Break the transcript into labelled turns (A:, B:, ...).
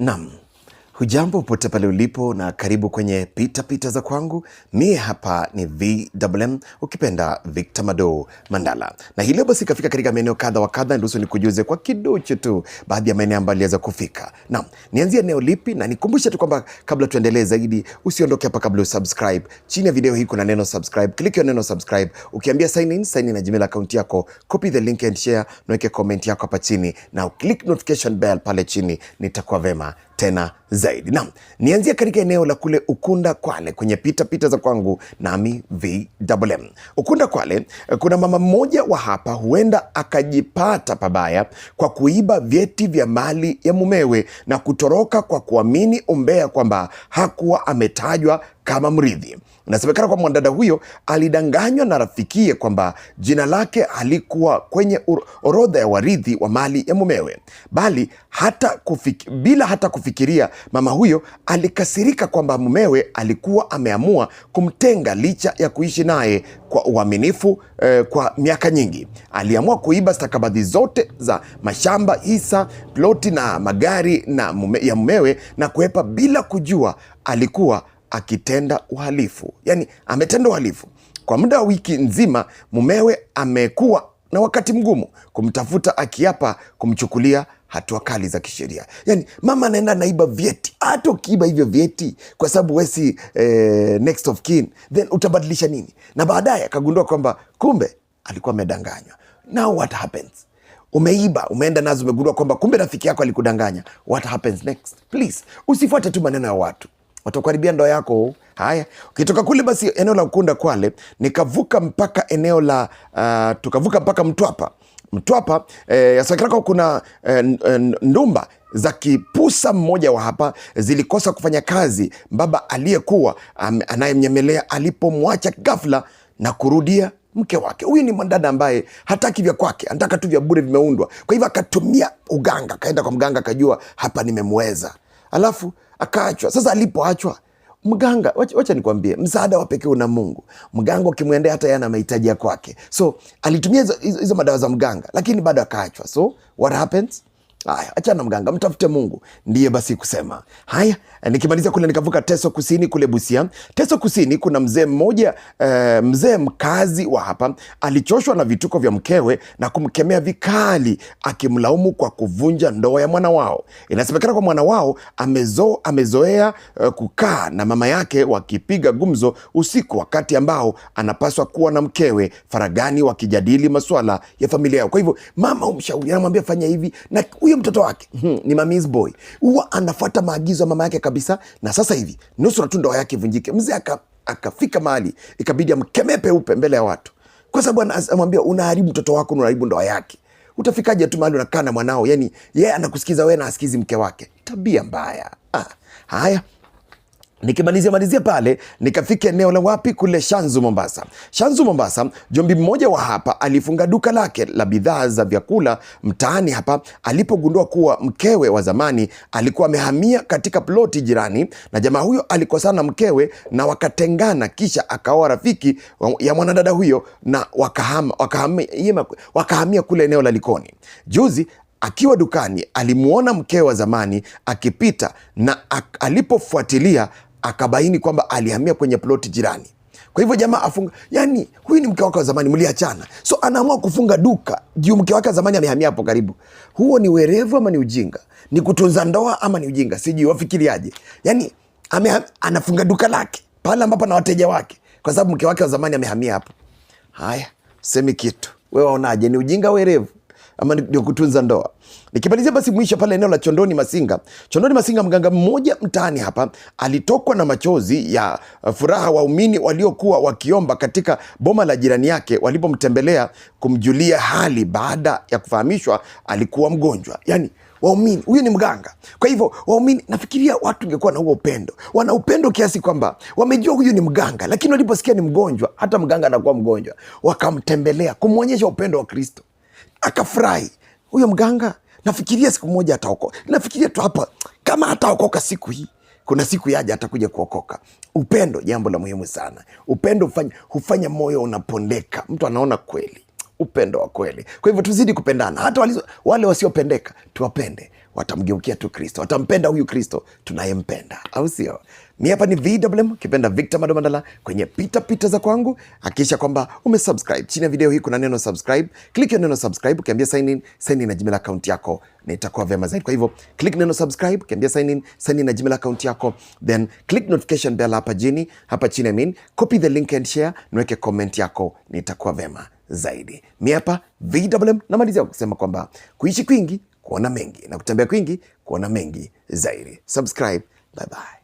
A: 6. Hujambo popote pale ulipo na karibu kwenye pita pita za kwangu. Mie hapa ni VMM, ukipenda Victor Mado Mandala, na hii leo basi ikafika katika maeneo kadha wa kadha, ndiruhusu nikujuze kwa kiduchu tu baadhi ya maeneo ambayo aliweza kufika. Naam, nianzie eneo lipi? Na nikumbushe tu kwamba kabla tuendelee zaidi, usiondoke hapa kabla usubscribe. Chini ya video hii kuna neno subscribe, click hiyo neno subscribe. Ukiambia sign in, sign in na Gmail account yako, copy the link and share, na weke comment yako hapa chini na click notification bell pale chini, nitakuwa vema tena zaidi. Naam, nianzie katika eneo la kule Ukunda Kwale kwenye pita pita za kwangu nami VMM. Ukunda Kwale kuna mama mmoja wa hapa huenda akajipata pabaya kwa kuiba vyeti vya mali ya mumewe na kutoroka kwa kuamini umbea kwamba hakuwa ametajwa kama mrithi. Inasemekana kwa mwanadada huyo alidanganywa na rafikie kwamba jina lake halikuwa kwenye orodha ya warithi wa mali ya mumewe, bali hata kufiki, bila hata kufikiria, mama huyo alikasirika kwamba mumewe alikuwa ameamua kumtenga licha ya kuishi naye kwa uaminifu eh, kwa miaka nyingi. Aliamua kuiba stakabadhi zote za mashamba, hisa, ploti na magari na mume, ya mumewe na kuhepa bila kujua alikuwa akitenda uhalifu, yani ametenda uhalifu kwa muda wa wiki nzima. Mumewe amekuwa na wakati mgumu kumtafuta, akiapa kumchukulia hatua kali za kisheria. Yani mama anaenda naiba vyeti, hata ukiiba hivyo vyeti kwa sababu wesi eh, next of kin, then utabadilisha nini? Na baadaye akagundua kwamba kumbe alikuwa amedanganywa. Now what happens? Umeiba, umeenda nazo, umegundua kwamba kumbe rafiki yako alikudanganya. What happens next? Please usifuate tu maneno ya watu watakuharibia ndoa yako. Haya, ukitoka kule basi eneo la Ukunda Kwale, nikavuka mpaka eneo la uh, tukavuka mpaka Mtwapa. Mtwapa eh, Yasakirako kuna eh, eh, ndumba za kipusa mmoja wa hapa eh, zilikosa kufanya kazi. Baba aliyekuwa um, anayemnyemelea alipomwacha ghafla na kurudia mke wake. Huyu ni mwanadada ambaye hataki vya kwake, anataka tu vya bure vimeundwa. Kwa hivyo akatumia uganga, akaenda kwa mganga, akajua hapa nimemweza alafu akaachwa. Sasa alipoachwa mganga, wacha nikwambie, msaada wa pekee una Mungu. Mganga ukimwendea hata yana mahitaji ya kwake, so alitumia hizo madawa za mganga, lakini bado akaachwa. So what happens Haya, achana mganga, mtafute Mungu. Ndiye basi kusema haya. Nikimaliza kule nikavuka Teso Kusini kule Busia. Teso Kusini kuna mzee mmoja e, mzee mkazi wa hapa alichoshwa na vituko vya mkewe na kumkemea vikali, akimlaumu kwa kuvunja ndoa ya mwana wao. Inasemekana kwa mwana wao amezo, amezoea e, kukaa na mama yake wakipiga gumzo usiku, wakati ambao anapaswa kuwa na mkewe faragani, wakijadili masuala ya familia yao. Kwa hivyo mama umshauri, anamwambia fanya hivi na huyo mtoto wake hmm, ni mami's boy, huwa anafuata maagizo ya mama yake kabisa. Na sasa hivi nusura tu ndoa yake ivunjike, mzee akafika mahali ikabidi amkemee peupe mbele ya watu, kwa sababu anamwambia unaharibu mtoto wako, unaharibu ndoa yake. Utafikaje tu mahali unakaa na mwanao, yani yeye anakusikiza wewe na askizi mke wake? Tabia mbaya. Ah, haya nikimalizia malizia pale nikafika eneo la wapi kule Shanzu Mombasa. Shanzu Mombasa, jombi mmoja wa hapa alifunga duka lake la bidhaa za vyakula mtaani hapa alipogundua kuwa mkewe wa zamani alikuwa amehamia katika ploti jirani, na jamaa huyo alikosana na mkewe na wakatengana, kisha akaoa rafiki ya mwanadada huyo na wakahama, wakahamia, wakahamia kule eneo la Likoni. Juzi akiwa dukani alimwona mkewe wa zamani akipita na alipofuatilia akabaini kwamba alihamia kwenye ploti jirani. Kwa hivyo jamaa afunga, yani huyu ni mke wake wa zamani, mliachana, so anaamua kufunga duka juu mke wake wa zamani amehamia hapo karibu. Huo ni werevu ama ni ujinga? Ni kutunza ndoa ama ni ujinga? Sijui wafikiriaje. Yani ame, anafunga duka lake pale ambapo na wateja wake, kwa sababu mke wake wa zamani amehamia hapo. Haya, semi kitu, we waonaje? Ni ujinga werevu? ama ndio kutunza ndoa. Nikimalizia basi mwisho pale eneo la Chondoni Masinga, Chondoni Masinga, mganga mmoja mtaani hapa alitokwa na machozi ya eh, furaha waumini waliokuwa wakiomba katika boma la jirani yake walipomtembelea kumjulia hali baada ya kufahamishwa alikuwa mgonjwa. Yani waumini, huyu ni mganga. Kwa hivyo waumini, nafikiria watu ingekuwa na huo upendo, wana upendo kiasi kwamba wamejua huyu ni mganga, lakini waliposikia ni mgonjwa, hata mganga anakuwa mgonjwa, wakamtembelea kumwonyesha upendo wa Kristo akafurahi huyo mganga. Nafikiria siku moja ataokoka, nafikiria tu hapa kama ataokoka siku hii, kuna siku yaja atakuja kuokoka. Upendo, jambo la muhimu sana. Upendo hufanya, hufanya moyo unapondeka, mtu anaona kweli upendo wa kweli. Kwa hivyo tuzidi kupendana, hata walizo, wale wasiopendeka tuwapende, watamgeukia tu Kristo, watampenda huyu Kristo tunayempenda, au sio? Mi hapa ni VMM kipenda Victor Madomandala kwenye pita pita za kwangu. Hakikisha kwamba umesubscribe. Chini ya video hii kuna neno subscribe. Click neno subscribe, ukiambia sign in, sign in na Gmail account yako na itakuwa vyema zaidi. Kwa hivyo click neno subscribe, ukiambia sign in, sign in na Gmail account yako, then click notification bell hapa chini, hapa chini I mean, copy the link and share, niweke comment yako, nitakuwa vyema zaidi. Mi hapa VMM namalizia kusema kwamba kuishi kwingi kuona mengi na kutembea kwingi kuona mengi zaidi. Subscribe, bye bye.